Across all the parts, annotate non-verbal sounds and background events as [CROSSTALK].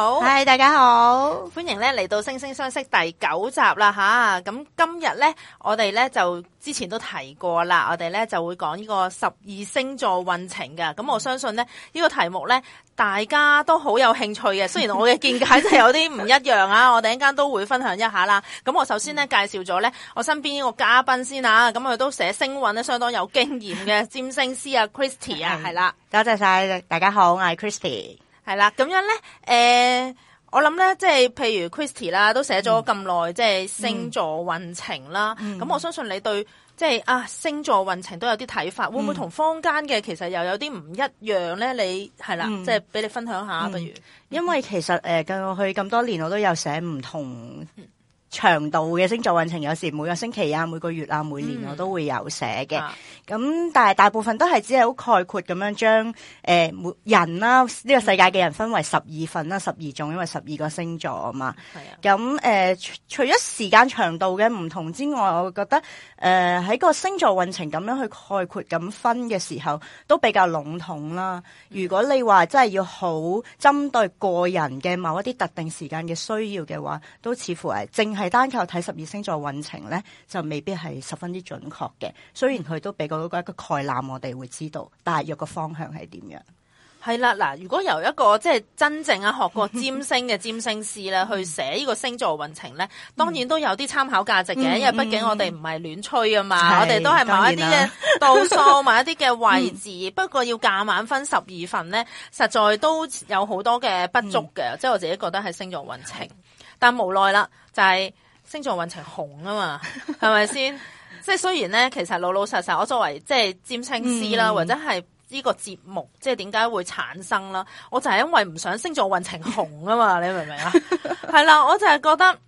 好，大家好，Hi, 大家好，歡迎咧嚟到《星聲相析》第九集啦吓。咁今日呢我哋呢就之前都提過啦，我哋呢就會講呢個十二星座運程嘅。咁我相信呢呢個題目呢大家都好有興趣嘅。雖然我嘅見解真係有啲唔一樣啊， [LAUGHS] 我哋一陣間都會分享一下啦。咁我首先呢介紹咗呢，我身邊呢個嘉賓先啊。咁佢都寫星運呢相當有經驗嘅 [LAUGHS] 占星師啊，Christy 啊，係啦，多謝晒，大家好，我係 Christy。係啦，咁樣咧，誒、呃，我諗咧，即係譬如 Christy 啦，都寫咗咁耐，即係、嗯、星座運程啦。咁、嗯、我相信你對，即、就、係、是、啊，星座運程都有啲睇法，嗯、會唔會同坊間嘅其實又有啲唔一樣咧？你係啦，即係俾你分享下，嗯、不如？因為其實誒，過、呃、去咁多年，我都有寫唔同。嗯長度嘅星座運程，有時每個星期啊、每個月啊、每年、嗯、我都會有寫嘅。咁、啊、但係大部分都係只係好概括咁樣將誒每人啦呢、這個世界嘅人分為十二份啦、十二種，因為十二個星座啊嘛。係啊、嗯。咁誒、呃，除咗時間長度嘅唔同之外，我覺得誒喺、呃、個星座運程咁樣去概括咁分嘅時候，都比較籠統啦。如果你話真係要好針對個人嘅某一啲特定時間嘅需要嘅話，都似乎係精。係單靠睇十二星座運程咧，就未必係十分之準確嘅。雖然佢都俾嗰、嗰個一個概覽，我哋會知道大約個方向係點樣。係啦，嗱，如果由一個即係真正啊學過占星嘅占星師咧， [LAUGHS] 去寫呢個星座運程咧，當然都有啲參考價值嘅。 [LAUGHS] 嗯、因為畢竟我哋唔係亂吹啊嘛， [LAUGHS] 是我哋都係某一啲嘅度數， [LAUGHS] 某一啲嘅位置。 [LAUGHS] 嗯、不過要隔晚分十二份咧，實在都有好多嘅不足嘅。嗯、即係我自己覺得係星座運程， [LAUGHS] 但無奈啦。但係星座運程紅啊嘛，係咪先？即係雖然咧，其實老老實實，我作為即係占星師啦，嗯、或者係呢個節目，即係點解會產生啦？我就係因為唔想星座運程紅啊嘛，你明唔明啊？係啦，我就係覺得，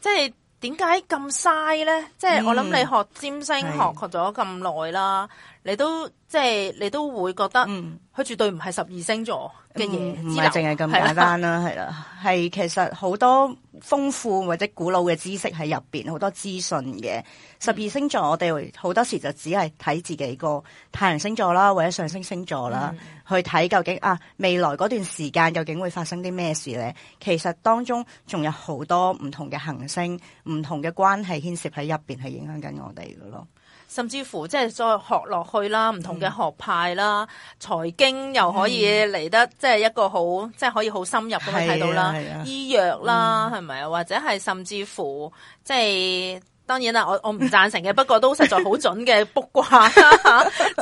即係點解咁嘥咧？即係、嗯、我諗你學占星學學咗咁耐啦，你都即係你都會覺得。嗯佢絕對唔係十二星座嘅嘢，唔係淨係咁簡單啦，係啦的，係其實好多豐富或者古老嘅知識喺入邊，好多資訊嘅十二星座，我哋好多時就只係睇自己個太陽星座啦，或者上升星，星座啦，嗯、去睇究竟啊未來嗰段時間究竟會發生啲咩事咧？其實當中仲有好多唔同嘅行星、唔同嘅關係牽涉喺入邊，係影響緊我哋嘅咯。甚至乎即係再學落去啦，唔同嘅學派啦，財、嗯、經又可以嚟得即係一個好，嗯、即係可以好深入嘅睇、啊、到啦，啊啊、醫藥啦係咪啊？或者係甚至乎即、就、係、是、當然啦，我我唔贊成嘅， [LAUGHS] 不過都實在好準嘅卜卦，即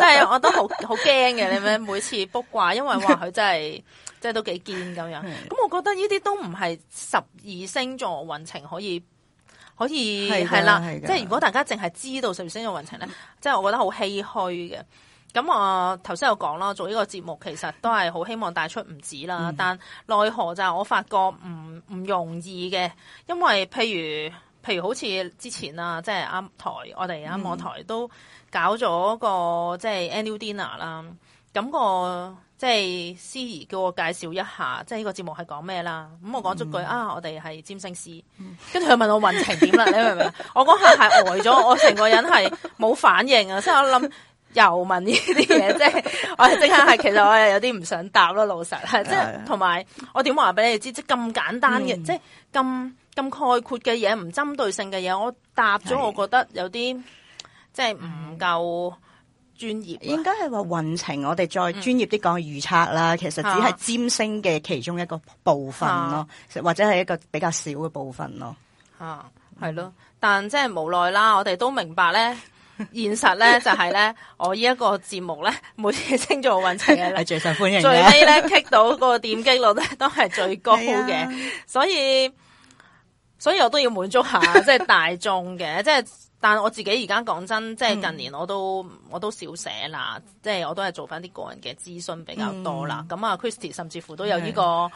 係 [LAUGHS] [LAUGHS] 我都好好驚嘅，你咩每次卜卦，因為話佢真係即係都幾堅咁樣。咁 [LAUGHS] 我覺得呢啲都唔係十二星座運程可以。可以係啦，即係如果大家淨係知道十二星座運程咧，即係 [LAUGHS] 我覺得好唏噓嘅。咁我頭先有講啦，做呢個節目其實都係好希望帶出唔止啦，嗯、但奈何就係我發覺唔唔容易嘅，因為譬如譬如好似之前啊，即係啱台、嗯、我哋啱網台都搞咗個即係 annual dinner 啦，咁個。即係司儀叫我介紹一下，即係呢個節目係講咩啦？咁我講咗句啊，我哋係占星師，跟住佢問我運程點啦？你明唔明？我嗰下係呆咗，我成個人係冇反應啊！所以我諗又問呢啲嘢，即係我即刻係，其實我又有啲唔想答咯，老實係，即係同埋我點話俾你知？即係咁簡單嘅，即係咁咁概括嘅嘢，唔針對性嘅嘢，我答咗，我覺得有啲即係唔夠。專業、啊、應該係話運程，我哋再專業啲講預測啦。嗯、其實只係占星嘅其中一個部分咯，啊、或者係一個比較少嘅部分咯。吓係、啊、咯，嗯、但即係無奈啦。我哋都明白咧， [LAUGHS] 現實咧就係、是、咧，我呢一個節目咧，每次星座運程係最受歡迎的，最尾咧棘到個點擊率咧都係最高嘅。 [LAUGHS] 啊、所以，所以我都要滿足一下即係 [LAUGHS] 大眾嘅，即係。但係我自己而家講真，即係近年我都、嗯、我都少寫啦，即係我都係做翻啲個人嘅諮詢比較多啦。咁啊 Christy、嗯、甚至乎都有呢、個係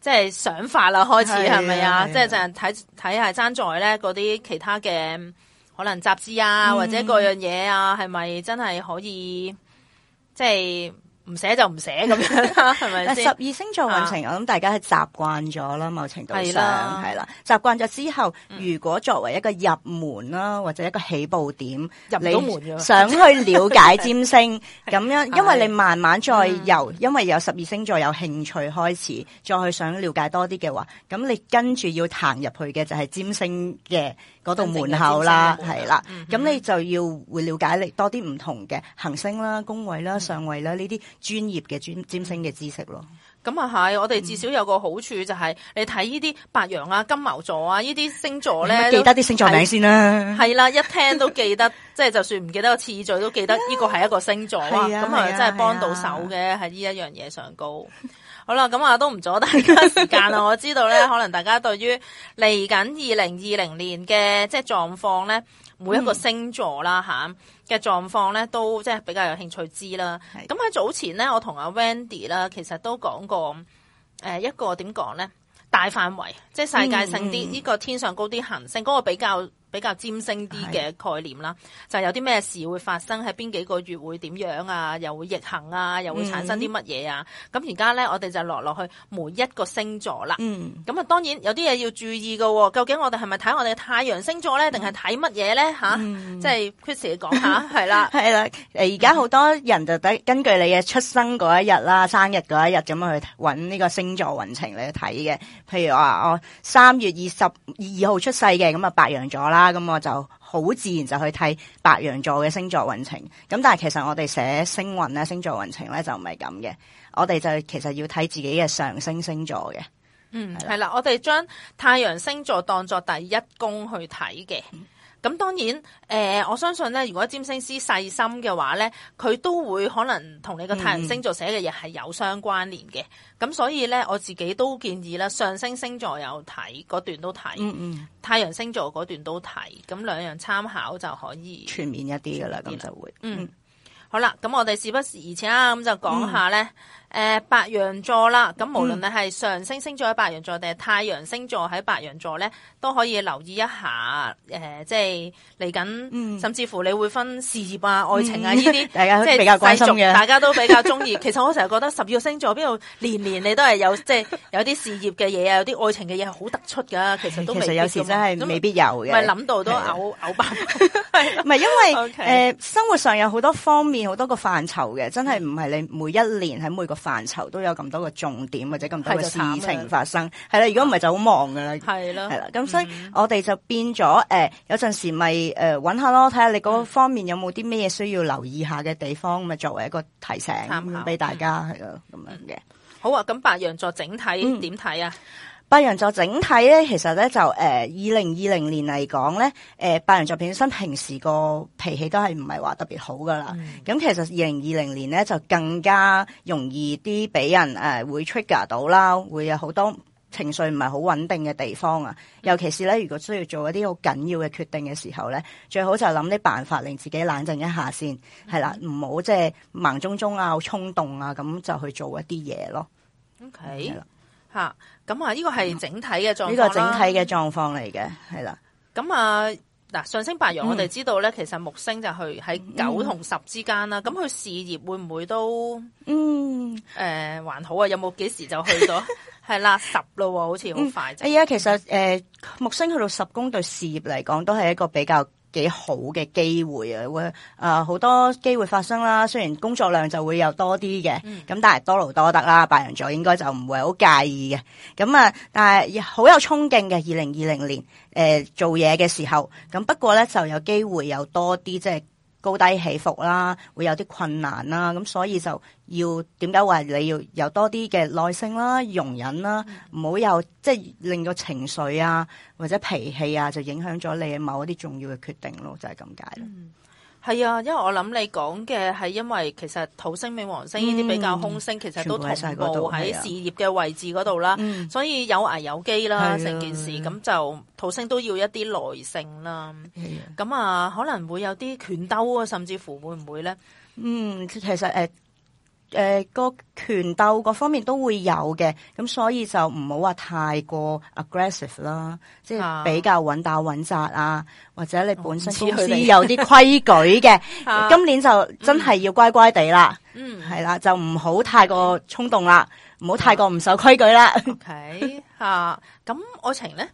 即係想法啦，開始係咪係啊？即係係就係睇睇下爭在咧嗰啲其他嘅可能雜誌啊，或者各樣嘢啊，係咪、嗯、真係可以即係？唔寫就唔寫咁樣，係咪先？十二星座運程，我諗大家係習慣咗啦，某程度上係啦，習慣咗之後，如果作為一個入門啦，嗯、或者一個起步點，入唔到門了，你想去了解占星咁 [LAUGHS] 的樣，因為你慢慢再由，的因為有十二星座有興趣開始，再去想了解多啲嘅話，咁你跟住要行入去嘅就係占星嘅。嗰度門口啦，係啦，咁你就要會了解你多啲唔同嘅行星啦、宮位啦、上位啦呢啲專業嘅專占星嘅知識咯。咁啊係，我哋至少有個好處就係你睇呢啲白羊啊、金牛座啊呢啲星座咧，記得啲星座名先啦。係啦，一聽都記得，即係就算唔記得個次序都記得呢個係一個星座啊。咁係真係幫到手嘅喺呢一樣嘢上高。 [LAUGHS] 好啦，咁啊都唔阻大家時間啦。 [LAUGHS] 我知道咧，可能大家對於嚟緊二零二零年嘅即係狀況咧，每一個星座啦吓嘅、嗯、狀況咧，都即係比較有興趣知啦。咁喺是的 早前咧，我同阿 Wendy 啦，其實都講過，誒、呃、一個點講咧，大範圍即係、就是、世界性啲，呢、嗯、個天上高啲行星嗰、那個比較。比較占星啲嘅概念啦，是就有啲咩事會發生喺邊幾個月會點樣啊？又會逆行啊？又會產生啲乜嘢啊？咁而家咧，我哋就落落去每一個星座啦。咁啊、嗯，當然有啲嘢要注意嘅。究竟我哋係咪睇我哋嘅太陽星座咧，定係睇乜嘢咧？吓，即係、嗯、Chris 嘅講下，係 [LAUGHS] 啦，係啦。誒，而家好多人就根據你嘅出生嗰一日啦，生日嗰一日咁去搵呢個星座運程嚟睇嘅。譬如話我三月二十二號出世嘅，咁啊白羊座啦。咁我就好自然就去睇白羊座嘅星座運程，咁但係其實我哋寫星運咧、星座運程咧就唔係咁嘅，我哋就其實要睇自己嘅上升星座嘅。嗯，係啦的，我哋將太陽星座當作第一宮去睇嘅。嗯咁當然，誒、呃、我相信咧，如果占星師細心嘅話咧，佢都會可能同你個太陽星座寫嘅嘢係有相關聯嘅。咁、嗯、所以咧，我自己都建議啦，上升星，星座有睇嗰段都睇，嗯嗯、太陽星座嗰段都睇，咁兩樣參考就可以全面一啲㗎喇，咁就會。嗯，嗯，好啦，咁我哋時不時而且啊咁就講下咧？嗯誒，白羊座啦，咁無論你係上升星座喺白羊座，定係太陽星座喺白羊座咧，都可以留意一下，誒，即係嚟緊，甚至乎你會分事業啊、愛情啊呢啲，大家都比較關心嘅，大家都比較中意。其實我成日覺得十二個星座邊度年年你都係有即係有啲事業嘅嘢啊，有啲愛情嘅嘢係好突出噶。其實其實有時真係未必有嘅，唔係諗到都嘔嘔白，唔係因為誒生活上有好多方面，好多個範疇嘅，真係唔係你每一年喺每個。範疇都有咁多個重點或者咁多嘅事情發生，係啦，如果唔係就好忙噶啦，係咯，係啦，咁所以、嗯、我哋就變咗，誒，有陣時咪誒，揾下咯，睇下你嗰個方面有冇啲咩嘢需要留意下嘅地方，咪、嗯、作為一個提醒，俾參考，大家係啊，咁、嗯、樣嘅。好啊，咁白羊座整體點睇啊？嗯白羊座整體咧，其實咧就誒，二零二零年嚟講咧，誒、呃，白羊座本身平時個脾氣都係唔係話特別好噶啦。咁、嗯、其實二零二零年咧就更加容易啲俾人誒、呃、會 trigger 到啦，會有好多情緒唔係好穩定嘅地方啊。嗯、尤其是咧，如果需要做一啲好緊要嘅決定嘅時候咧，最好就諗啲辦法令自己冷靜一下先，係、嗯、啦，唔好即係盲中中啊，好衝動啊咁就去做一啲嘢咯。OK。係啦。吓，咁啊，呢、這個係整體嘅狀況，呢個整體嘅狀況嚟嘅，係啦。咁、嗯、啊，嗱，上升白羊，我哋知道咧，其實木星就去喺九同十之間啦。咁佢、嗯、事業會唔會都，嗯，誒、呃，還好啊？有冇幾時就去咗？係啦， [LAUGHS] 十咯，好似好快啫。依家，嗯哎、其實，誒、呃，木星去到十宮對事業嚟講，都係一個比較。幾好嘅機會啊，會誒好、呃、多機會發生啦。雖然工作量就會有多啲嘅，咁、嗯、但係多勞多得啦。白羊座應該就唔會好介意嘅。咁、嗯、啊，但係好有衝勁嘅二零二零年誒做嘢嘅時候，咁不過咧就有機會有多啲即係。即係高低起伏啦，會有啲困難啦，咁所以就要點解話你要有多啲嘅耐性啦、容忍啦，唔好、嗯、有即係、就是、令個情緒啊或者脾氣啊就影響咗你某一啲重要嘅決定咯，就係咁解啦。嗯係啊，因為我諗你講嘅係因為其實土星、冥王星呢啲比較空星，其實都同步喺事業嘅位置嗰度啦，嗯啊、所以有危有機啦，成、啊、件事咁就土星都要一啲耐性啦。咁啊,啊，可能會有啲拳鬥啊，甚至乎會唔會咧？嗯，其實誒。呃誒、呃，個權鬥各方面都會有嘅，咁所以就唔好話太過 aggressive 啦，啊、即係比較穩打穩紮啊，或者你本身公司有啲規矩嘅，今年就真係要乖乖地啦、啊，嗯，係啦，就唔好太過衝動啦，唔好太過唔守規矩啦。啊、 [LAUGHS] OK，吓、啊，咁愛情咧？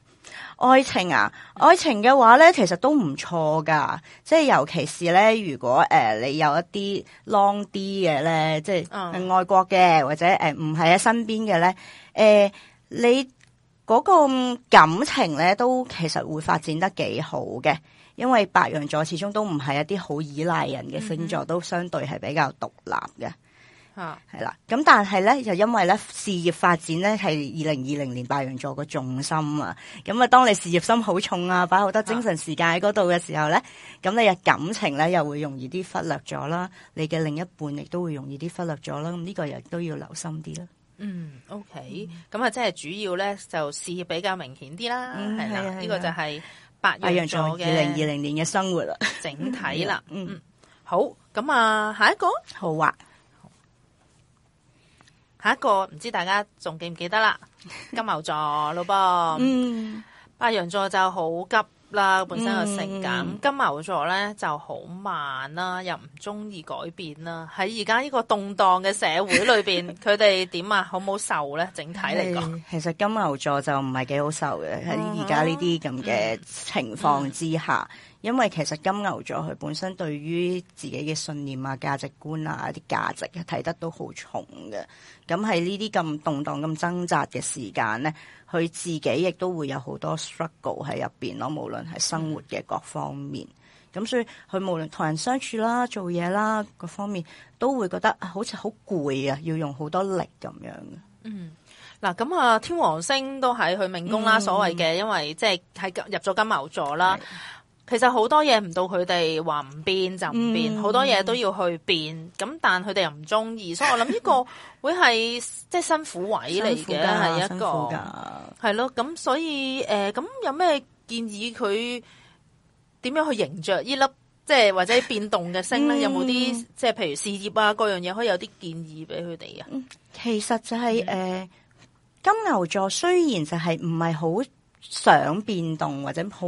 愛情啊，愛情嘅話咧，其實都唔錯㗎，即係尤其是咧，如果誒、呃、你有一啲 long 啲嘅咧，即係外國嘅或者誒唔係喺身邊嘅咧，誒、呃、你嗰個感情咧都其實會發展得幾好嘅，因為白羊座始終都唔係一啲好依賴人嘅星座，嗯嗯都相對係比較獨立嘅。係啦，咁、啊、但係咧，又因為咧事業發展咧係二零二零年白羊座個重心啊，咁啊，當你事業心好重啊，擺好多精神時間喺嗰度嘅時候咧，咁、啊、你嘅感情咧又會容易啲忽略咗啦，你嘅另一半亦都會容易啲忽略咗啦，咁、這、呢個亦都要留心啲啦。嗯，OK，咁啊、嗯，那即係主要咧就事業比較明顯啲啦，係啦，呢個就係白羊座嘅二零二零年嘅生活啦，整體啦，嗯，好，咁啊，下一個，好啊。下一個唔知大家仲記唔記得啦？金牛座 [LAUGHS] 老波，嗯，白羊座就好急啦，本身個性感。嗯、金牛座咧就好慢啦，又唔中意改變啦。喺而家呢個動盪嘅社會裏邊，佢哋點啊，好唔好受咧？整體嚟講，其實金牛座就唔係幾好受嘅，喺而家呢啲咁嘅情況之下。嗯嗯因為其實金牛座佢本身對於自己嘅信念啊、價值觀啊、啲、啊、價值睇得都好重嘅，咁喺呢啲咁動蕩咁掙扎嘅時間咧，佢自己亦都會有好多 struggle 喺入面咯。無論係生活嘅各方面，咁、嗯、所以佢無論同人相處啦、做嘢啦各方面，都會覺得好似好攰啊，要用好多力咁樣嘅。嗯，嗱，咁啊，天王星都喺去命宮啦，嗯、所謂嘅，因為即係喺入咗金牛座啦。其實好多嘢唔到佢哋話唔變就唔變，好、嗯、多嘢都要去變。咁但佢哋又唔中意，所以我諗呢個會係即係辛苦位嚟嘅，係一個。係咯。咁所以誒、咁、呃、有咩建議佢點樣去迎着呢粒即係或者變動嘅星咧？嗯、有冇啲即係譬如事業啊，各樣嘢可以有啲建議俾佢哋啊？其實就係、是、誒、嗯呃，金牛座雖然就係唔係好想變動或者好。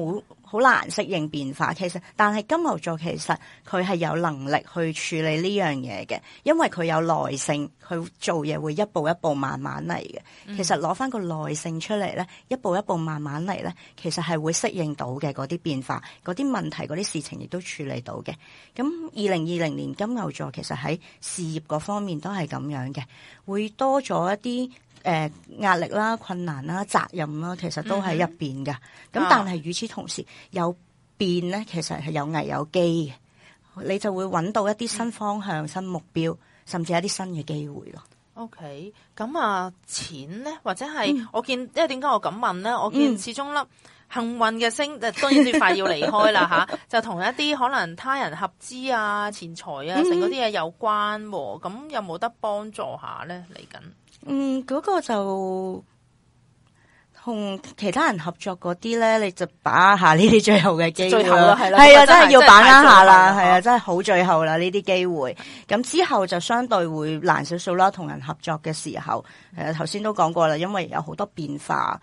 好難適應變化，其實但係金牛座其實佢係有能力去處理呢樣嘢嘅，因為佢有耐性，佢做嘢會一步一步慢慢嚟嘅。其實攞翻個耐性出嚟咧，一步一步慢慢嚟咧，其實係會適應到嘅嗰啲變化，嗰啲問題，嗰啲事情亦都處理到嘅。咁二零二零年金牛座其實喺事業嗰方面都係咁樣嘅，會多咗一啲。誒，壓、呃、力啦、困難啦、責任啦，其實都喺入邊㗎。咁、嗯、但係與此同時、啊、有變咧，其實係有危有機嘅，你就會揾到一啲新方向、嗯、新目標，甚至一啲新嘅機會咯。O K，咁啊，錢咧或者係我見，嗯、因為點解我咁問咧？嗯、我見始終粒，幸運嘅星就當然快要離開啦，吓、 [LAUGHS] 啊、就同一啲可能他人合資啊、錢財啊，嗯、成嗰啲嘢有關喎、啊。咁有冇得幫助下咧？嚟緊？嗯，嗰、那個就同其他人合作嗰啲咧，你就把握下呢啲最後嘅機會，係啊，係咯係咯真係要把握下啦，係啊的，真係好最後啦呢啲機會。咁、嗯、之後就相對會難少少啦，同人合作嘅時候，誒、嗯，頭先都講過啦，因為有好多變化，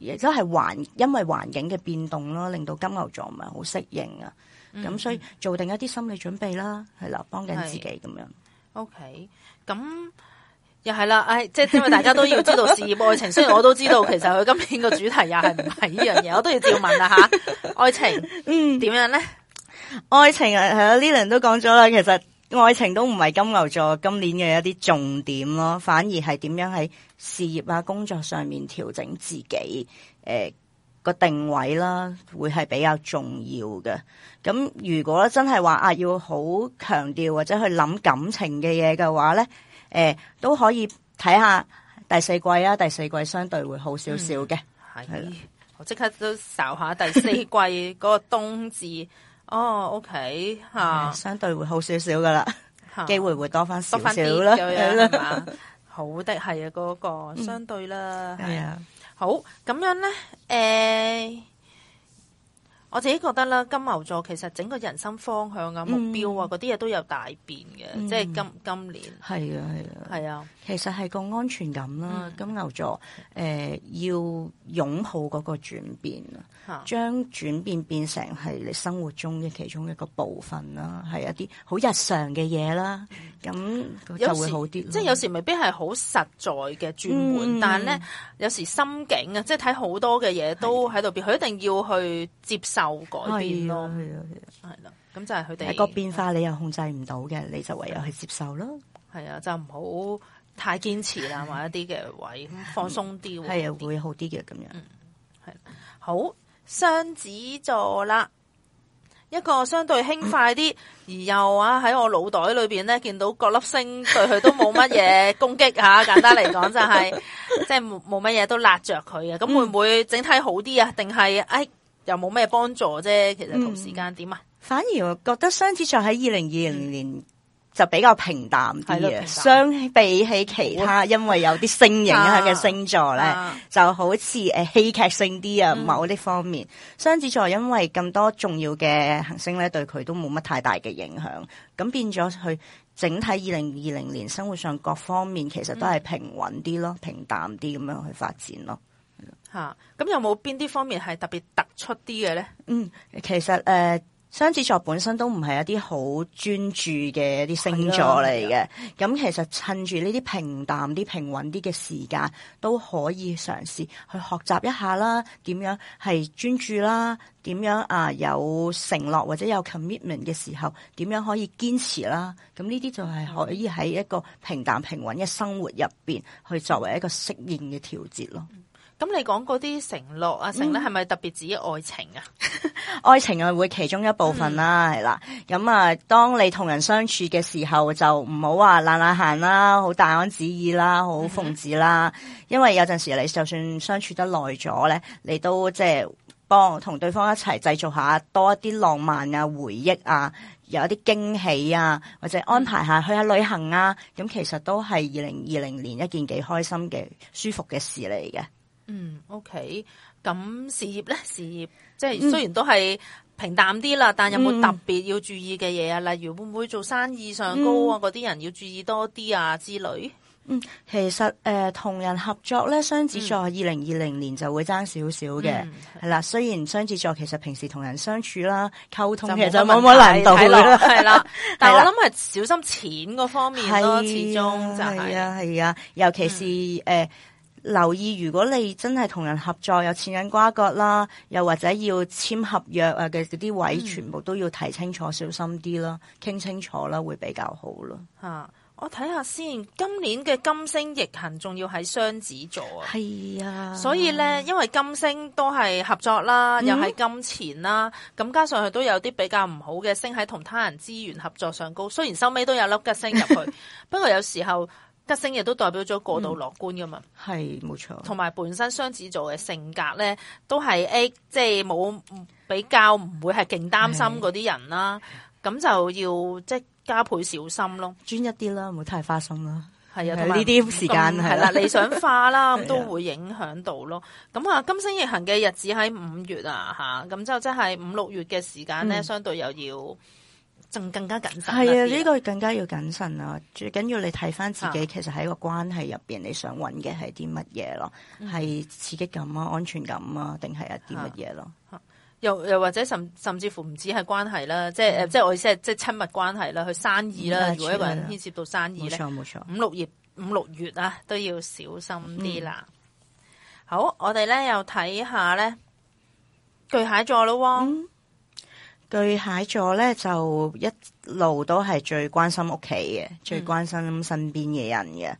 亦都係環因為環境嘅變動咯，令到金牛座唔係好適應啊。咁、嗯嗯、所以做定一啲心理準備啦，係啦，幫緊自己咁樣。OK，咁。Okay. 又係啦，誒、哎，即係因為大家都要知道事業、愛情。 [LAUGHS] 雖然我都知道，其實佢今年個主題又係唔係呢樣嘢，我都要照問啦吓、嗯。愛情，嗯、啊，點樣咧？愛情係啦，Lily 都講咗啦，其實愛情都唔係金牛座今年嘅一啲重點咯，反而係點樣喺事業啊工作上面調整自己，誒、呃那個定位啦，會係比較重要嘅。咁如果真係話啊，要好強調或者去諗感情嘅嘢嘅話咧。誒，都可以睇下第四季啊，第四季相對會好少少嘅。係、嗯，的我即刻都搜下第四季嗰個冬至。 [LAUGHS] 哦，OK 吓、啊，相對會好少少噶啦，啊、機會會多返少少啦。係啦，好的係啊，嗰、那個、嗯、相對啦，係啊的，的好咁樣咧，誒。我自己覺得啦，金牛座其實整個人生方向啊、目標啊嗰啲嘢都有大變嘅，嗯、即係今今年係啊係啊係啊，其實係個安全感啦。嗯、金牛座誒、呃、要擁抱嗰個轉變啊，將轉變變成係你生活中嘅其中一個部分啦，係一啲好日常嘅嘢啦，咁就會好啲。即係有、就是、有時未必係好實在嘅轉換，嗯、但呢咧有時心境啊，即係睇好多嘅嘢都喺度變，佢一定要去接受。又改變咯，係係咁就係佢哋個變化，你又控制唔到嘅，你就唯有去接受咯。係啊，就唔、是、 [LAUGHS] 好太堅持啦，或一啲嘅位放鬆啲，係啊，會好啲嘅咁樣。係、嗯、好雙子座啦，一個相對輕快啲， [LAUGHS] 而又啊喺我腦袋裏邊咧見到各粒星對佢都冇乜嘢攻擊吓、啊， [LAUGHS] 簡單嚟講就係即係冇冇乜嘢都辣著佢嘅，咁會唔會整體好啲啊？定係哎？又冇咩幫助啫，其實同時間點啊？反而我覺得雙子座喺二零二零年、嗯、就比較平淡啲嘅，相比起其他，會因為有啲星影響嘅星座咧，啊、就好似誒戲劇性啲啊，嗯、某啲方面，雙子座因為咁多重要嘅行星咧，對佢都冇乜太大嘅影響，咁變咗佢整體二零二零年生活上各方面，其實都係平穩啲咯，嗯、平淡啲咁樣去發展咯。吓，咁、啊、有冇邊啲方面係特別突出啲嘅咧？嗯，其實誒，雙、呃、子座本身都唔係一啲好專注嘅一啲星座嚟嘅。咁、嗯嗯、其實趁住呢啲平淡啲、平穩啲嘅時間，都可以嘗試去學習一下啦。點樣係專注啦？點樣啊？有承諾或者有 commitment 嘅時候，點樣可以堅持啦？咁呢啲就係可以喺一個平淡平穩嘅生活入邊，去、嗯、作爲一個適應嘅調節咯。咁你講嗰啲承諾啊成，剩咧係咪特別指愛情啊？愛情啊會其中一部分啦，係、嗯、啦。咁啊，當你同人相處嘅時候，就唔好話懶懶閒啦，好大安旨意啦，好奉旨啦。嗯、因為有陣時你就算相處得耐咗咧，你都即係幫同對方一齊製造下多一啲浪漫啊、回憶啊，有一啲驚喜啊，或者安排下去下旅行啊，咁、嗯、其實都係二零二零年一件幾開心嘅、舒服嘅事嚟嘅。嗯，OK，咁事業咧，事業即係雖然都係平淡啲啦，嗯、但有冇特別要注意嘅嘢啊？嗯、例如會唔會做生意上高啊？嗰啲人要注意多啲啊之類。嗯，其實誒同、呃、人合作咧，雙子座二零二零年就會爭少少嘅，係、嗯、啦。雖然雙子座其實平時同人相處啦、溝通其實就冇乜難度嘅 [LAUGHS] 啦，係啦。 [LAUGHS] 啦啦但係我諗係小心錢嗰方面咯，啊、始終就係、是、啊係啊，啊，尤其是誒。嗯呃留意，如果你真係同人合作，有錢銀瓜葛啦，又或者要簽合約啊嘅嗰啲位，嗯、全部都要睇清楚，小心啲咯，傾清楚啦，會比較好咯、啊。我睇下先，今年嘅金星逆行，仲要喺雙子座啊。係啊，所以咧，因為金星都係合作啦，又係金錢啦，咁、嗯、加上佢都有啲比較唔好嘅星喺同他人資源合作上高，雖然收尾都有粒吉星入去， [LAUGHS] 不過有時候。吉星亦都代表咗過度樂觀㗎嘛，係冇、嗯、錯。同埋本身雙子座嘅性格咧，都係誒，即係冇比較，唔會係勁擔心嗰啲人啦。咁的就要即係加倍小心咯，專一啲啦，唔好太花心啦。係啊，同埋呢啲時間係啦，理想化啦，咁 [LAUGHS] 的都會影響到咯。咁啊，金星逆行嘅日子喺五月啊，嚇、啊，咁就即係五六月嘅時間咧，嗯、相對又要。仲更加謹慎，係啊！呢、呢個更加要謹慎啊！最緊要你睇翻自己，其實喺個關係入邊，你想揾嘅係啲乜嘢咯？係、啊、刺激感啊、安全感是什麼啊，定係一啲乜嘢咯？又又或者甚甚至乎唔止係關係啦、嗯，即係即係我意思係即係親密關係啦，去生意啦，嗯啊、如果揾牽涉到生意，冇錯冇錯，五六月五六月啊，都要小心啲啦。嗯、好，我哋咧又睇下咧巨蟹座咯。嗯巨蟹座咧就一路都係最關心屋企嘅，嗯、最關心身邊嘅人嘅。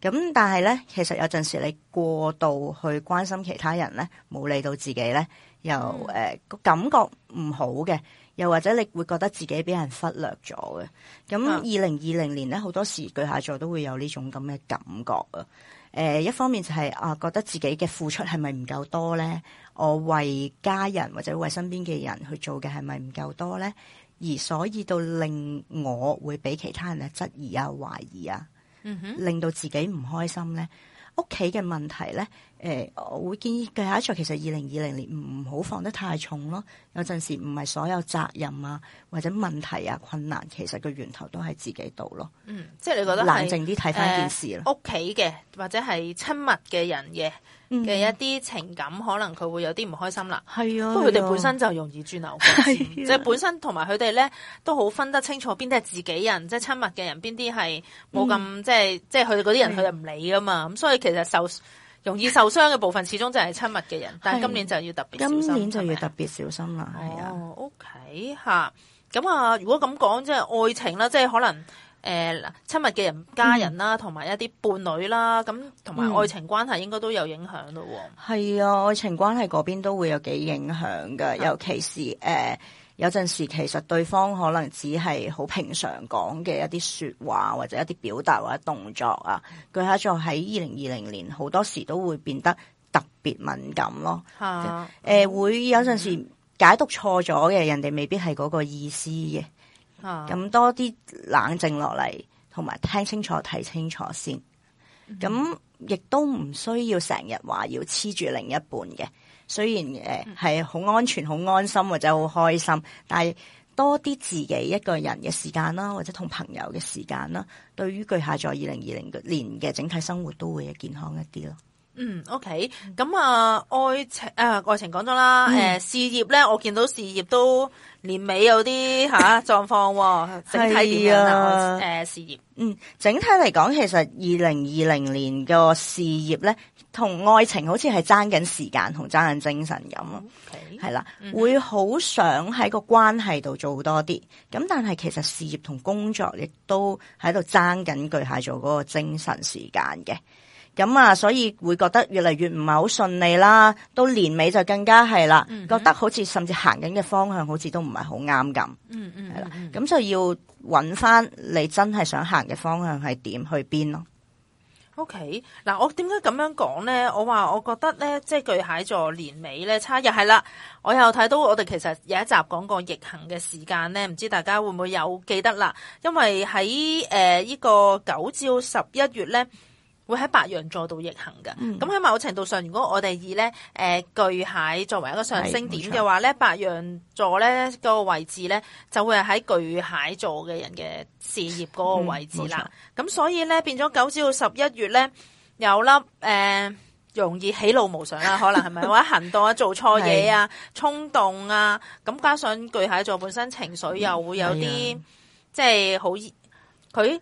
咁但係咧，其實有陣時你過度去關心其他人咧，冇理到自己咧，又誒個、嗯呃、感覺唔好嘅，又或者你會覺得自己俾人忽略咗嘅。咁二零二零年咧，好、嗯、多時巨蟹座都會有呢種咁嘅感覺啊。誒、呃，一方面就係、是、啊、呃，覺得自己嘅付出係咪唔夠多咧？我為家人或者為身邊嘅人去做嘅係咪唔夠多呢？而所以到令我會俾其他人嘅質疑啊、懷疑啊，嗯、哼令到自己唔開心呢。屋企嘅問題呢。欸、我會建議嘅下一場其實二零二零年唔好放得太重咯。有陣時唔係所有責任啊，或者問題啊、困難，其實個源頭都係自己度咯。嗯，即係你覺得冷靜啲睇翻件事咯。屋企嘅或者係親密嘅人嘅嘅一啲情感，嗯、可能佢會有啲唔開心啦。係啊、嗯，不過佢哋本身就容易轉流，即係、嗯、本身同埋佢哋咧都好分得清楚邊啲係自己人，即、就、係、是、親密嘅人，邊啲係冇咁即係即係佢哋嗰啲人，佢就唔理噶嘛。咁、嗯、所以其實受容易受傷嘅部分始終就係親密嘅人， [LAUGHS] 但係今年就要特別小心。今年就要特別小心啦，係嗎、哦、啊。哦，O K 吓，咁啊，如果咁講即係愛情啦，即、就、係、是、可能誒親、呃、密嘅人、家人啦，同埋、嗯、一啲伴侶啦，咁同埋愛情關係應該都有影響咯。係、嗯、啊，愛情關係嗰邊都會有幾影響㗎，啊、尤其是誒。呃有陣時其實對方可能只係好平常講嘅一啲說話或者一啲表達或者動作啊，巨蟹座喺二零二零年好多時都會變得特別敏感咯。啊呃、會有陣時解讀錯咗嘅、嗯、人哋未必係嗰個意思嘅，咁、啊、多啲冷靜落嚟，同埋聽清楚睇清楚先。咁亦都唔需要成日話要黐住另一半嘅。雖然誒係好安全、好安心或者好開心，但係多啲自己一個人嘅時間啦，或者同朋友嘅時間啦，對於巨蟹座二零二零年嘅整體生活都會健康一啲咯。嗯，OK，咁啊、呃，愛情啊、呃，愛情講咗啦，誒、嗯呃，事業咧，我見到事業都年尾有啲吓狀況， [LAUGHS] 整體點樣啊？誒、呃，事業，嗯，整體嚟講，其實二零二零年個事業咧，同愛情好似係爭緊時間同爭緊精神咁啊，係 Okay, 啦，嗯、哼會好想喺個關係度做多啲，咁但係其實事業同工作亦都喺度爭緊巨蟹座嗰個精神時間嘅。咁啊，所以會覺得越嚟越唔係好順利啦。到年尾就更加係啦，嗯嗯，覺得好似甚至行緊嘅方向好似都唔係好啱咁。嗯嗯，嗯，係啦，咁就要揾翻你真係想行嘅方向係點去邊咯。OK，嗱、啊，我點解咁樣講咧？我話我覺得咧，即係巨蟹座年尾咧，差日係啦。我又睇到我哋其實有一集講過逆行嘅時間咧，唔知大家會唔會有記得啦？因為喺、呃這個、呢個九至十一月咧。會喺白羊座度逆行嘅，咁喺、嗯、某程度上，如果我哋以咧，誒、呃、巨蟹作為一個上升點嘅話咧，白羊座咧個位置咧，就會係喺巨蟹座嘅人嘅事業嗰個位置啦。咁、嗯、所以咧，變咗九至到十一月咧，有粒誒、呃、容易喜怒無常啦， [LAUGHS] 可能係咪或者行動啊、做錯嘢啊、衝動啊，咁加上巨蟹座本身情緒又會有啲，嗯啊、即係好佢。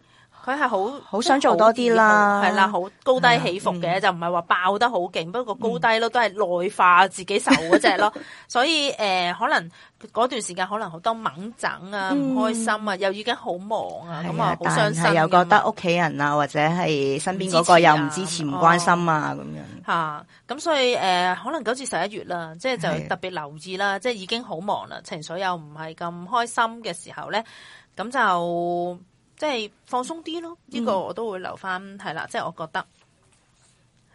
佢係好好想做多啲啦，係啦，好高低起伏嘅，就唔係話爆得好勁，不過高低咯都係內化自己受嗰隻咯，所以誒可能嗰段時間可能好多猛整啊，唔開心啊，又已經好忙啊，咁啊好傷心，又覺得屋企人啊或者係身邊嗰個又唔支持唔關心啊咁樣。吓，咁所以誒可能九至十一月啦，即係就特別留意啦，即係已經好忙啦，情緒又唔係咁開心嘅時候咧，咁就。即係放鬆啲咯，呢個我都會留翻，係啦，嗯，即係我覺得，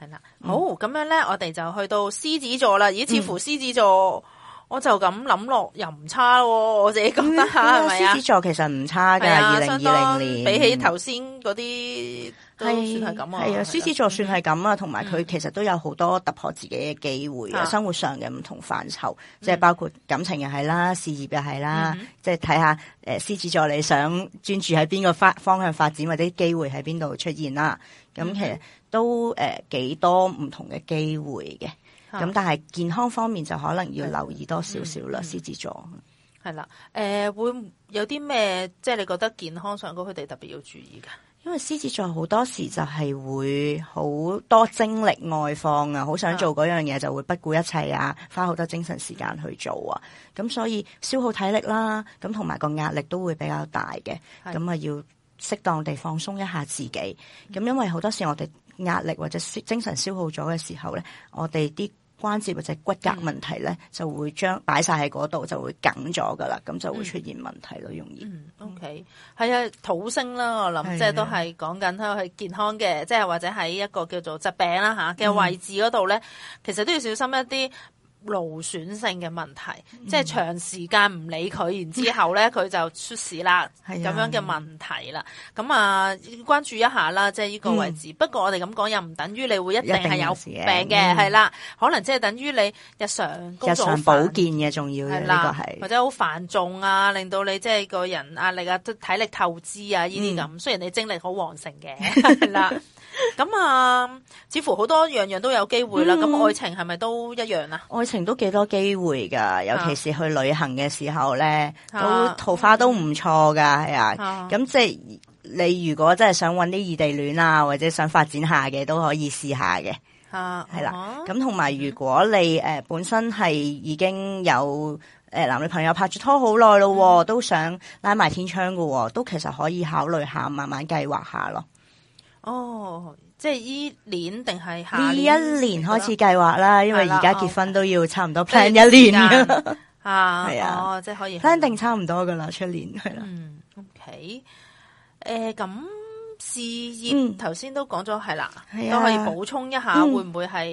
係啦，好咁樣咧，我哋就去到獅子座啦，而似乎獅子座。嗯我就咁諗落又唔差喎，我自己覺得，下係獅子座其實唔差噶，二零二零年比起頭先嗰啲，係算係咁啊。係啊，獅子座算係咁啊，同埋佢其實都有好多突破自己嘅機會啊，生活上嘅唔同範疇，即係包括感情又係啦，事業又係啦，即係睇下誒，獅子座你想專注喺邊個方方向發展或者機會喺邊度出現啦？咁其實都誒幾多唔同嘅機會嘅。咁但係健康方面就可能要留意多少少啦，嗯嗯、獅子座係啦，誒、呃、會有啲咩？即、就、係、是、你覺得健康上高，佢哋特別要注意噶因為獅子座好多時就係會好多精力外放啊，好想做嗰樣嘢，就會不顧一切啊，嗯、花好多精神時間去做啊，咁、嗯、所以消耗體力啦，咁同埋個壓力都會比較大嘅，咁啊、嗯、要適當地放鬆一下自己。咁因為好多時我哋壓力或者精神消耗咗嘅時候咧，我哋啲關節或者骨骼問題咧，嗯、就會將擺晒喺嗰度，就會緊咗噶啦，咁就會出現問題咯，容易。OK，係啊，土星啦，我諗是的 即係都係講緊喺健康嘅，即係或者喺一個叫做疾病啦嚇嘅位置嗰度咧，嗯、其實都要小心一啲。勞損性嘅問題，即係長時間唔理佢，然之後咧佢就出事啦，咁、嗯、樣嘅問題啦。咁啊，關注一下啦，即係呢個位置。嗯、不過我哋咁講又唔等於你會一定係有病嘅，係啦、嗯。可能即係等於你日常日常保健嘅重要嘅啦係，或者好繁重啊，令到你即係個人壓力啊、體力透支啊呢啲咁。這這嗯、雖然你精力好旺盛嘅，係啦。 [LAUGHS] 咁啊，似乎好多樣樣都有機會啦。咁愛情係咪都一樣啊？愛情都幾多機會噶，尤其是去旅行嘅時候咧，都桃花都唔錯噶。係啊，咁即係你如果真係想搵啲異地戀啊，或者想發展下嘅，都可以試下嘅。係係啦。咁同埋如果你誒本身係已經有誒男女朋友拍住拖好耐咯，都想拉埋天窗噶，都其實可以考慮下，慢慢計劃下咯。哦，即係依年定係下？呢一年開始計劃啦，因為而家結婚都要差唔多 plan 一年噶。啊，係啊，即係可以 plan 定差唔多噶啦，出年係啦。嗯，OK，誒，咁事業頭先都講咗係啦，都可以補充一下，會唔會係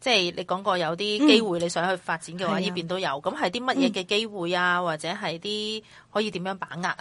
即係你講過有啲機會你想去發展嘅話，呢邊都有。咁係啲乜嘢嘅機會啊？或者係啲可以點樣把握啊？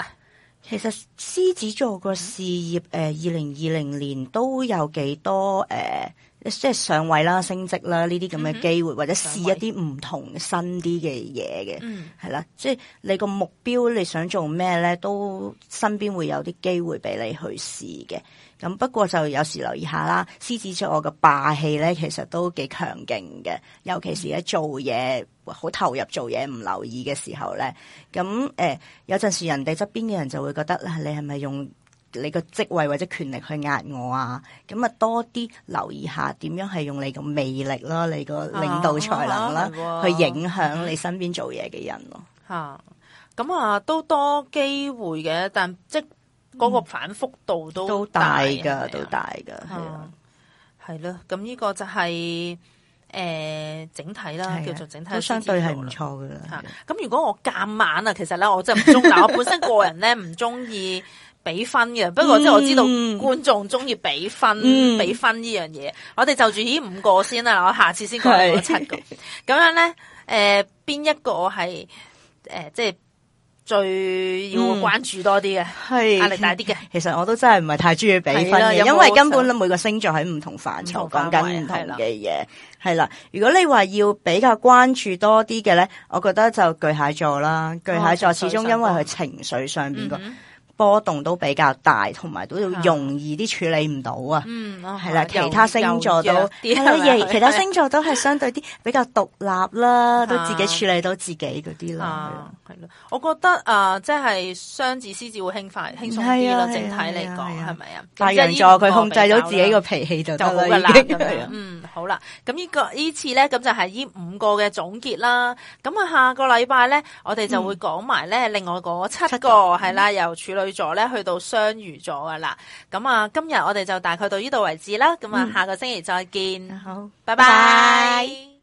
其實，獅子座個事業，誒二零二零年都有幾多誒？Uh 即係上位啦，升職啦呢啲咁嘅機會，嗯、哼或者試一啲唔同位新啲嘅嘢嘅，係、嗯、啦。即係你個目標你想做咩咧？都身邊會有啲機會俾你去試嘅。咁不過就有時留意下啦，獅子座我嘅霸氣咧，其實都幾強勁嘅。尤其是喺做嘢好投入做嘢唔留意嘅時候咧，咁誒、欸、有陣時人哋側邊嘅人就會覺得你係咪用？你個職位或者權力去壓我啊？咁啊多啲留意一下點樣係用你個魅力啦，你個領導才能啦，去影響你身邊做嘢嘅人咯。吓、啊，咁啊，啊，啊，啊，啊都多機會嘅，但即嗰個反覆度都大噶、嗯，都大噶。係咯麼，咁呢、啊、個就係、是、誒、呃、整體啦，叫做整體是都相對係唔錯噶。吓，咁如果我夾硬啊，其實咧我真係唔中， [LAUGHS] 我本身個人咧唔中意。俾分嘅，不過即係我知道觀眾中意俾分，俾、嗯嗯、分呢樣嘢，我哋就住呢五個先啦，我下次先講嗰七個。咁樣咧，誒、呃，邊一個係誒，即、呃、係最要關注多啲嘅，係壓、嗯、力大啲嘅？其實我都真係唔係太中意俾分嘅，因為根本每個星座喺唔同範疇講緊唔同嘅嘢，係啦的。如果你話要比較關注多啲嘅咧，我覺得就巨蟹座啦，巨蟹座始終因為佢情緒上邊個。嗯嗯波動都比較大，同埋都要容易啲處理唔到啊！係啦，其他星座都，其他星座都係相對啲比較獨立啦，都自己處理到自己嗰啲啦。係咯，我覺得誒，即係雙子、獅子會輕快輕鬆啲啦。整體嚟講，係咪啊？白羊座佢控制到自己個脾氣就得啦。嗯，好啦，咁呢個呢次咧，咁就係呢五個嘅總結啦。咁啊，下個禮拜咧，我哋就會講埋咧另外嗰七個係啦，由處女。去咗咧，去到雙魚座噶啦。咁啊，今日我哋就大概到呢度為止啦。咁啊、嗯，下個星期再見。好，拜拜。拜拜。